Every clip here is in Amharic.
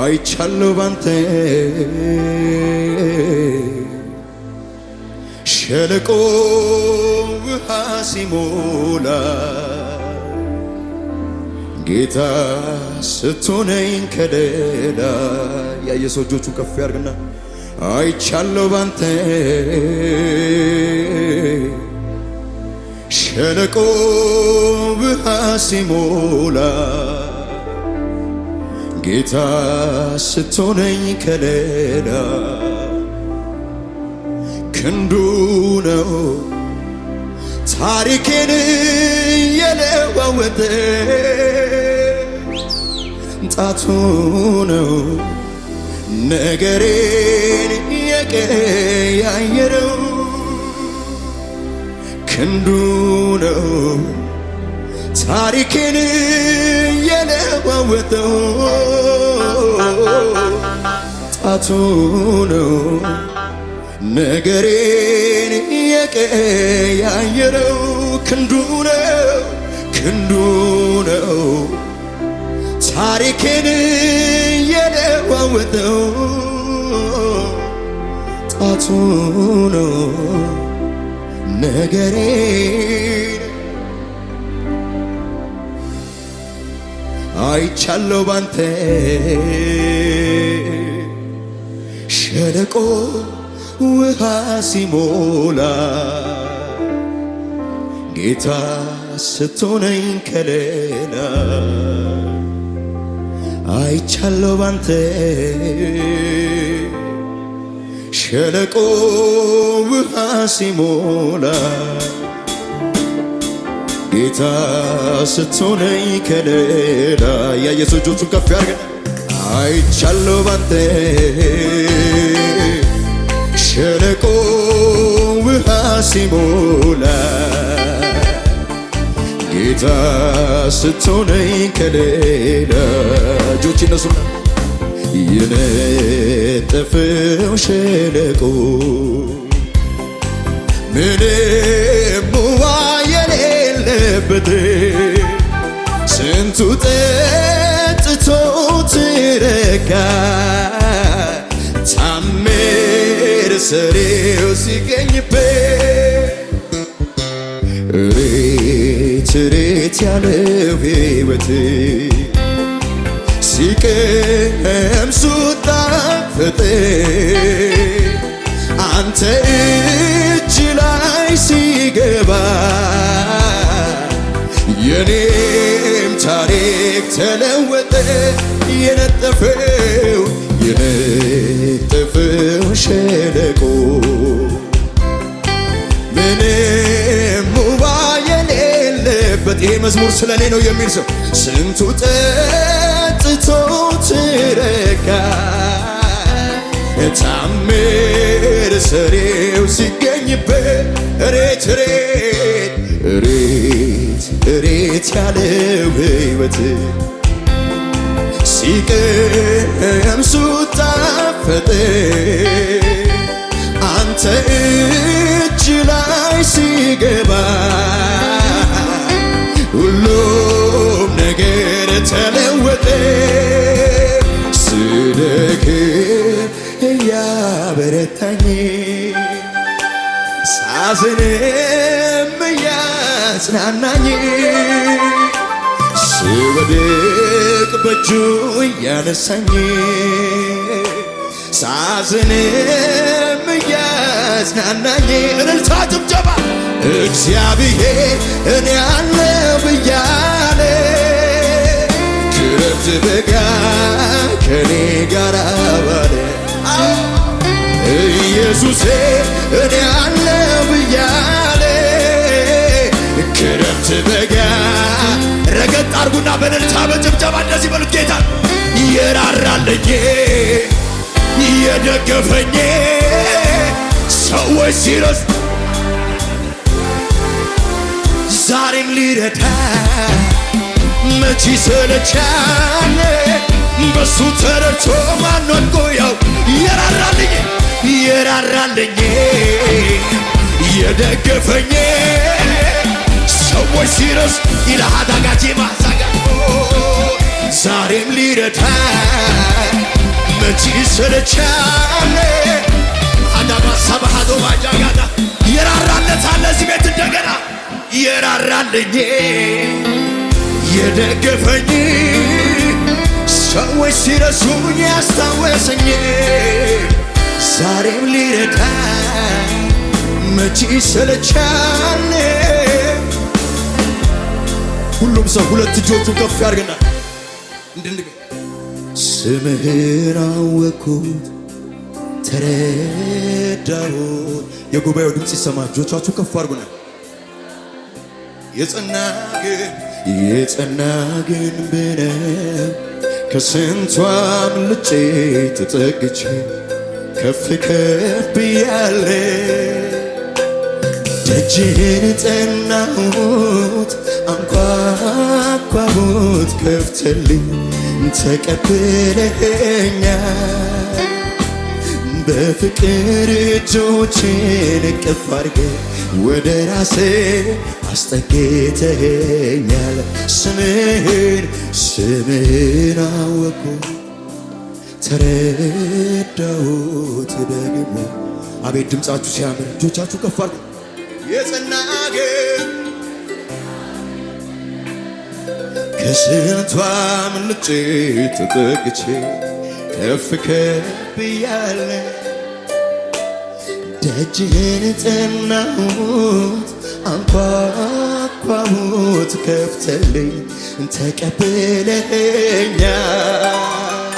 አይቻለሁ ባንተ ሸለቆ ውሃ ሲሞላ ጌታ ስትሆነኝ ከሌላ ያየሰው እጆቹን ከፍ ያርግና አይቻለሁ ባንተ ሸለቆ ውሃ ሲሞላ ጌታ ስትሆነኝ ከሌላ ክንዱ ነው ታሪኬን የለዋወጠ ጣቱ ነው ነገሬን የቀያየረው ክንዱ ነው ታሪኬን የለዋወጠው ጣቱ ነው ነገሬን የቀያየረው ክንዱ ነው ክንዱ ነው ታሪኬን የለዋወጠው ጣቱ ነው ነገሬ አይቻለሁ ባንተ ሸለቆ ውሃ ሲሞላ ጌታ ስትሆነኝ ከሌላ አይቻለው ባንተ ሸለቆ ውሃ ሲሞላ ጌታ ስትሆነኝ ከሌላ ያየሰው እጆቹን ከፍ ያርገ አይቻለሁ ባንተ ሸለቆ ውሃ ሲሞላ ጌታ ስትሆነኝ ከሌላ እጆች ይነሱና የነጠፈው ሸለቆ ምንም አለበት ስንቱ ጠጥቶ ትረካ ታምር ሰሪው ሲገኝበት ሬት ሬት ያለው ሕይወት ሲቀምሱ ጣፈጠ አንተ እጅ ላይ ሲገባ የኔም ታሪክ ተለወጠ የነጠፈው የነጠፈው ሸለቆ ምንም ውባ የሌለበት ይሄ መዝሙር ስለ እኔ ነው የሚል ሰው ስንቱ ጠጥቶ ትረካ ታምር ሰሬው ሲገኝበት ሬት ሬት ሬት እሬት እሬት ያለው ሕይወት ሲቀምሱት ጣፈጠ አንተ እጅ ላይ ሲገባ ሁሉም ነገር ተለወጠ ስለ እያበረታኝ ሳዝን አጽናናኝ ስወድቅ በእጁ እያነሳኝ ሳዝንም እያጽናናኝ እልልታ ጭብጨባ እግዚአብሔር እኔ አለው ብያለ ክረምት በጋ ከኔ ጋር ባለ ኢየሱሴ እኔ አለው ብያለ ረገጥ አርጉና በእልልታ በጭብጨባ እንደዚህ በሉት ጌታ ይራራልኝ እየደገፈኝ ሰዎች ሲረስ ዛሬም ሊረዳ መቺ ሰለቻን በሱ ተረድቶ ማኖን ያው ይራራልኝ ይራራልኝ የደገፈኝ ሰዎች ሲረስ ይልሃል ማዛጋ ዛሬም ሊረዳ መቼ ሰለቻለ አዳባ ሰባሃዶ ባጃጋዳ የራራለት አለ እዚህ ቤት እንደገና የራራልኝ የደገፈኝ ሰዎች ሲረሱኝ ያስታወሰኝ ዛሬም ሊረዳ መቼ ሰለቻለ ሁሉም ሰው ሁለት እጆቹን ከፍ ያድርግና እንድንገ ስምህን አወቅኩት ተረዳሁት። የጉባኤው ድምፅ ይሰማ። እጆቻችሁ ከፍ አድርጉና የጸና ግን የጸና ግን ብነ ከስንቷም ልጬ ተጠግቼ ከፍ ከፍ ብያለሁ ደጅን ጠናሁት አንኳኳሁት ከፍተልኝ ተቀብለኸኛል በፍቅር እጆችን እቅፍ አድርጌ ወደ ራሴ አስጠጌተኸኛል ስምህን ስምህን አወቁ ተረዳሁት ደግሞ አቤት ድምፃችሁ ሲያምር እጆቻችሁ ከፍ አድርጉ የጸና አገር ከስንቷ ምንጭ ተጠግቼ ከፍ ከፍ እያለ ደጅህን ጠናሁት አንኳኳሁት ከፍተልኝ ተቀብለኸኛል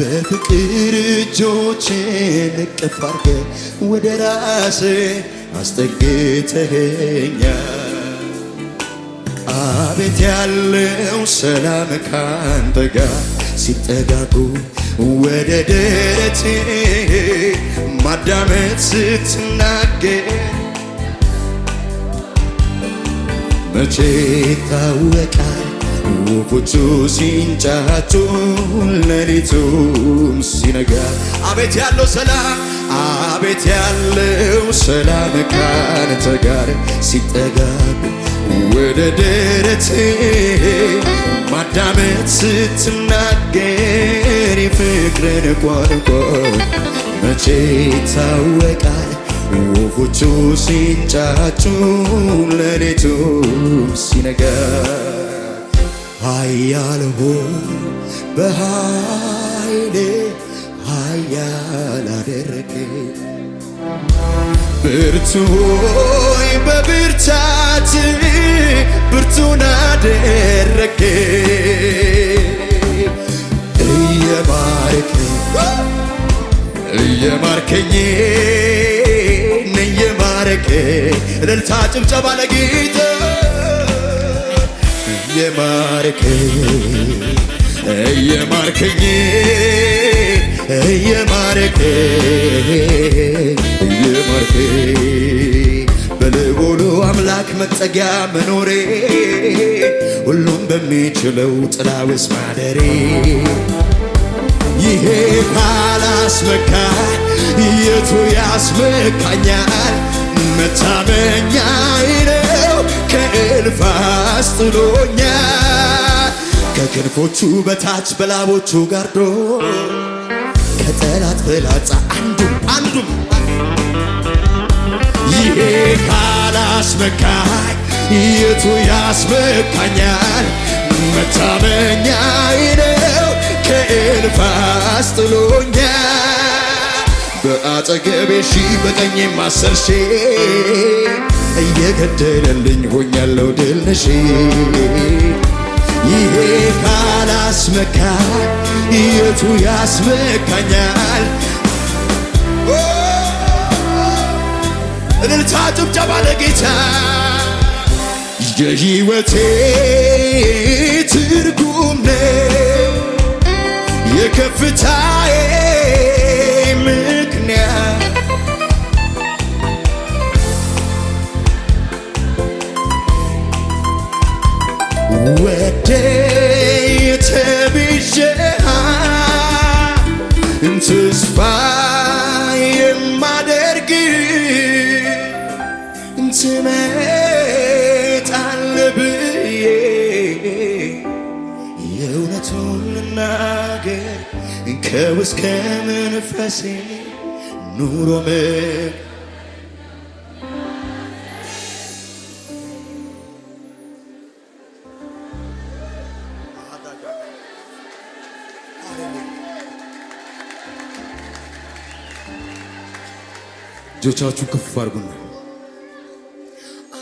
በፍቅር እጆችን እቅፍ አድርገህ ወደ ራስህ አስጠግተኸኛል። አቤት ያለው ሰላም ካንተ ጋር ሲጠጋጉ ወደ ደረቴ ማዳመጥ ስትናገር መቼ ይታወቃል ወፎቹ ሲንጫጩ ሌሊቱም ሲነጋ አቤት ያለው ሰላም አቤት ያለው ሰላም ካንተ ጋር ሲጠጋብ ወደ ደረት ማዳመት ስትናገር የፍቅርን ቋንቋ መቼ ይታወቃል? ወፎቹ ሲንጫጩ ሌሊቱም ሲነጋ ኃያል ሆይ ኃያል አደረገኝ ብርቱ በብርታት ብርቱን አደረገኝ እየማረከኝ እየማረከኝ እየማረከኝ እልልታ ጭብጨባ ለጌታ እየማረከኝ እየማረከኝ እየማረከ እየማረከ በልዑሉ አምላክ መጠጊያ መኖሬ ሁሉም በሚችለው ጥላ ውስጥ ማደሬ ይሄ ካላስመካ የቱ ያስመካኛል? መታመኛዬ ነው ከእልፍ አስጥሎኛል። ከክንፎቹ በታች በላቦቹ ጋርዶ ከጠላት ፍላጻ አንዱም አንዱም ይሄ ካላስመካኝ የቱ ያስመካኛል? መታመኛዬ ነው ከእንፋስ ጥሎኛል። በአጠገቤ ሺህ በቀኜም አስር ሺህ እየገደለልኝ ሆኛለሁ ድል ነሽ ይሄ ያስመካል? የቱ ያስመካኛል? እልልታ ጭብጨባ ለጌታ የህይወቴ ትርጉም ነው የከፍታዬ እስከ መንፈሴ ኑሮ እጆቻችሁ ከፍ አድርጉና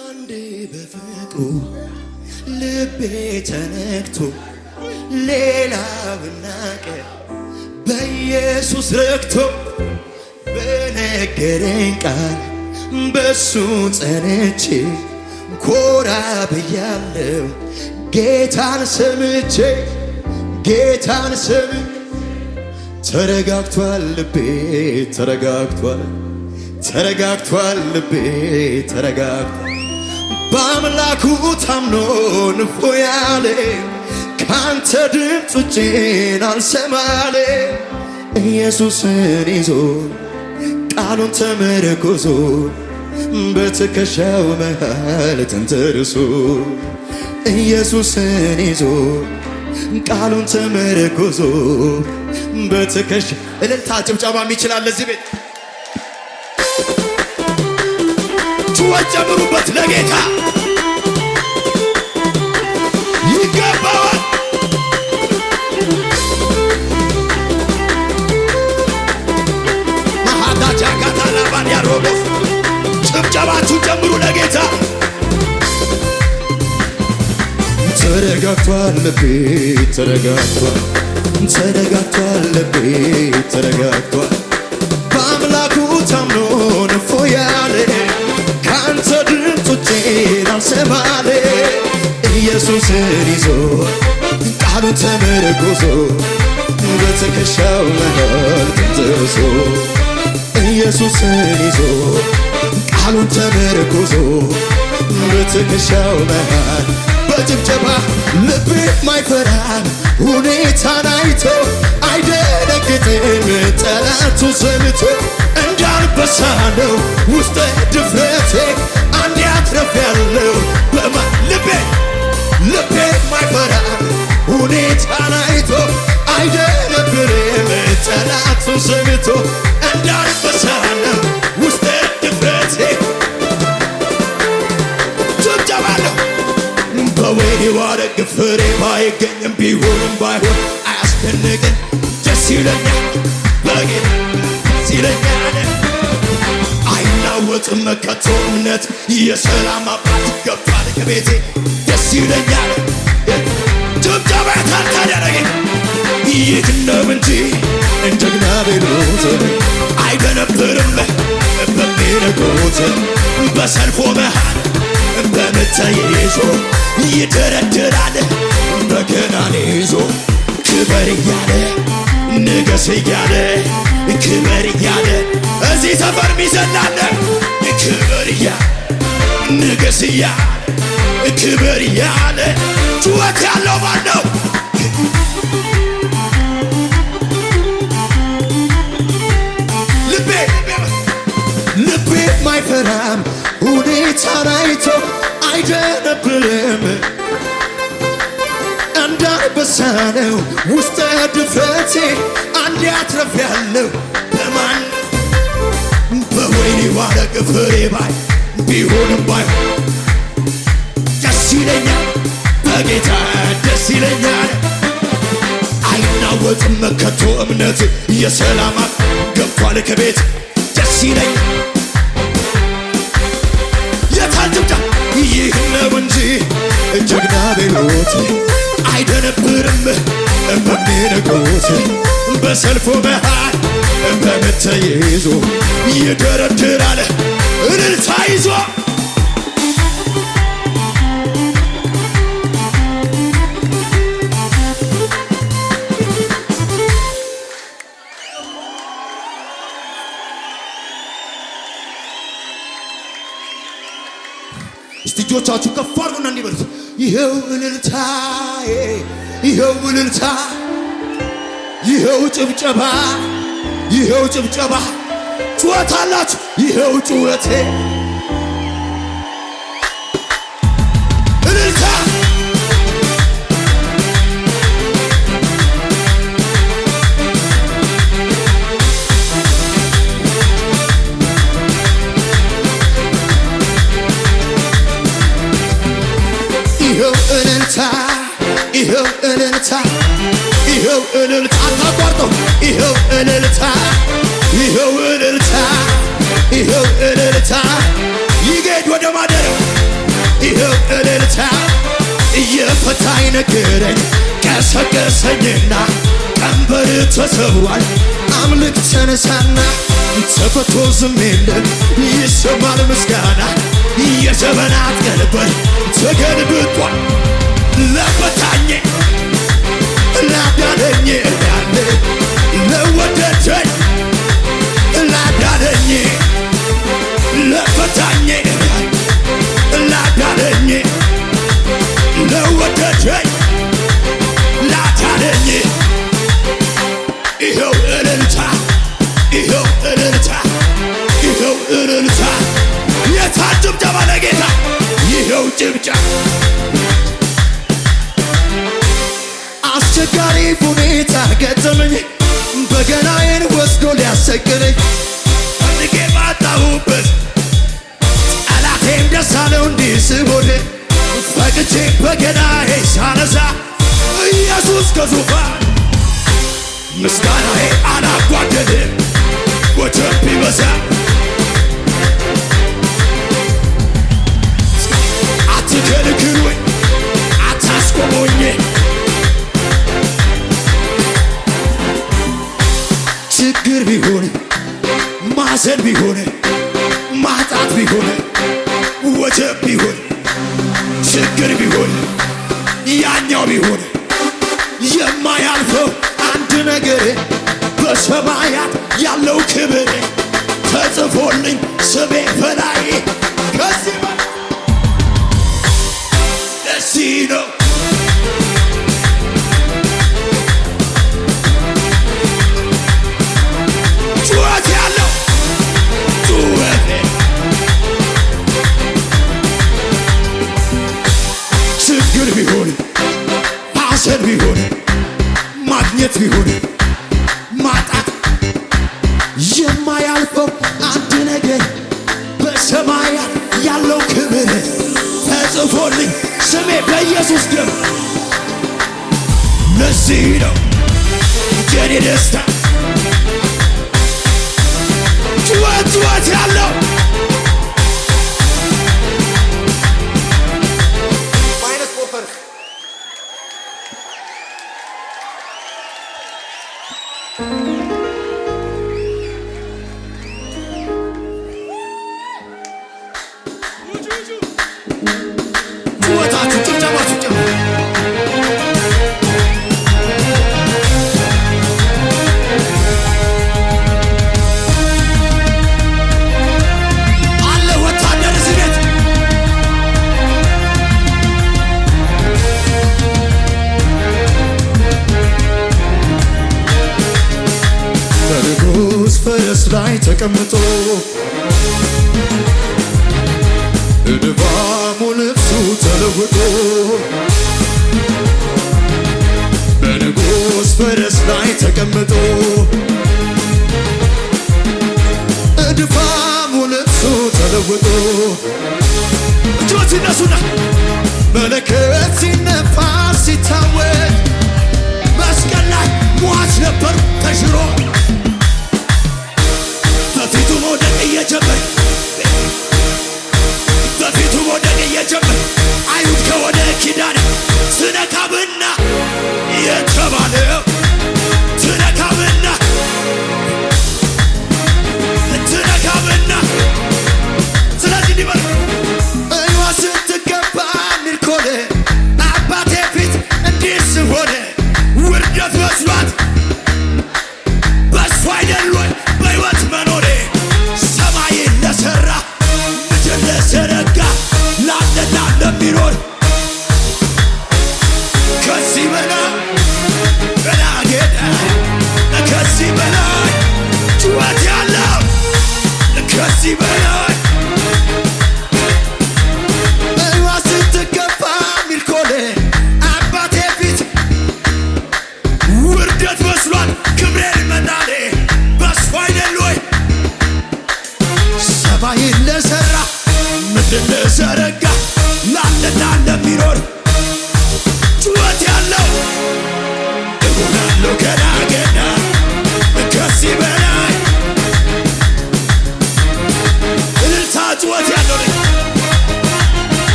አንዴ በፍቅሩ ልቤ ተነክቶ ሌላ ብናቀ ኢየሱስ ረግቶ በነገረኝ ቃል በሱ ጸንቼ ኮራ ብያለው። ጌታን ሰምቼ ጌታን ሰም ተረጋግቷል ልቤ ተረጋግቷል ተረጋግቷል ልቤ ተረጋግቷል በአምላኩ ታምኖ ንፎ ያለ ካንተ ድምፅ ውጭን አልሰማለ ኢየሱስን ይዞ ቃሉን ተመረኮዞ በትከሻው መሃል ተንተርሶ ኢየሱስን ይዞ ቃሉን ተመርኩዞ በትከሻ እልልታ ጭብጨባ ይችላል ለዚህ ቤት ጩኸት ጨምሩበት ለጌታ ተረጋግቷል ልቤ ተረጋግቷል ተረጋግቷል ልቤ ተረጋግቷል በአምላኩ ታምኖ ንፎ ያለ ከአንተ ድምፅ አልሰማለ ኢየሱስን ይዞ ቃሉ ተመርኩዞ በትከሻው መሃል ተንተርሶ ኢየሱስን ይዞ ቃሉን ተመርኩዞ በትከሻው መሃል ጭብጨባ ልቤ ማይፈራል ሁኔታን አይቶ አይደነግጥም ጠላቱ ሰልቶ እንዳልበሳ ነው ውስጠ ድፍረቴ አንድ ያትረፍ ያለው በማ ልቤ ልቤ ማይፈራል ሁኔታን አይቶ አይደነብርም ጠላቱ ሰምቶ እንዳልበሳ ነው የባረግ ፍሬ ባይገኝም ቢሆንም ባይሆን አያስደንቅን ደስ ይለኛል በጌታ ደስ ይለኛል። አይናወጥም ከቶ እምነት የሰላም አባት ገብቷል ከቤቴ ደስ ይለኛል። ጭብጨባ ታታደረገ ይትነም እንጂ እንደ ቤሎት አይደነብርም በሚነጎት በሰልፎ መሃል በምተይዞ ይደረድራል በገናን ይዞ ክበር እያለ ንገስ እያለ ክበር እያለ እዚህ ሰፈር ሚዘላለ ክበር እያለ ንገስ እያለ ክበር እያለ ጩኸት ያለው ማን ነው? ልቤ ልቤ ማይፈራም ሁኔታ ናይቶ አይደነብርም እንዳንበሳ ነው ውስጠ ድፍረቴ አንድ አትረፍ ያለው በማን በወይኔ ባረግ ፍሬ ባይ ቢሆንም ባይ ደስ ይለኛል በጌታ ደስ ይለኛል አይናወጥም እምነት ከቤት በሰልፉ መሃል በምት ይዞ ይደረድራል እልልታ ይዞ እጆቻችሁ ከፍ አድርጉና እንዲበሉት ይኸው እልልታዬ ይኸው እልልታ ይሄው ጭብጨባ ይሄው ጭብጨባ ጩኸት አላችሁ ይሄው ጩኸቴ እልልታ ይሄው እልልታ ይሄው እልልታ ይኸው እልልታ አታቋርጠው ይኸው እልልታ ይኸው እልልታ ይኸው እልልታ ይጌድ ወደ ማደሪያው ይኸው እልልታ እየፈታኝ ነገረኝ ቀሰቀሰኝና ቀንበር ተሰብሯል አምልክ ተነሳና ተፈቶ ዝም የለም ይሰማል ምስጋና የዘመናት ቀንበር ተገልብጧል ለፈታኝ ላዳነኝ ያለ ለወደደኝ ላዳነኝ ለፈታኝ ተቀምጦ ድባቡ ልብሱ ተለውጦ በንጉሥ ፈረስ ላይ ተቀምጦ ድባቡ ልብሱ ተለውጦ እጆች ይነሱና መለከት ሲነፋ ሲታወቅ መስቀል ላይ ሟች ነበር ተሽሮ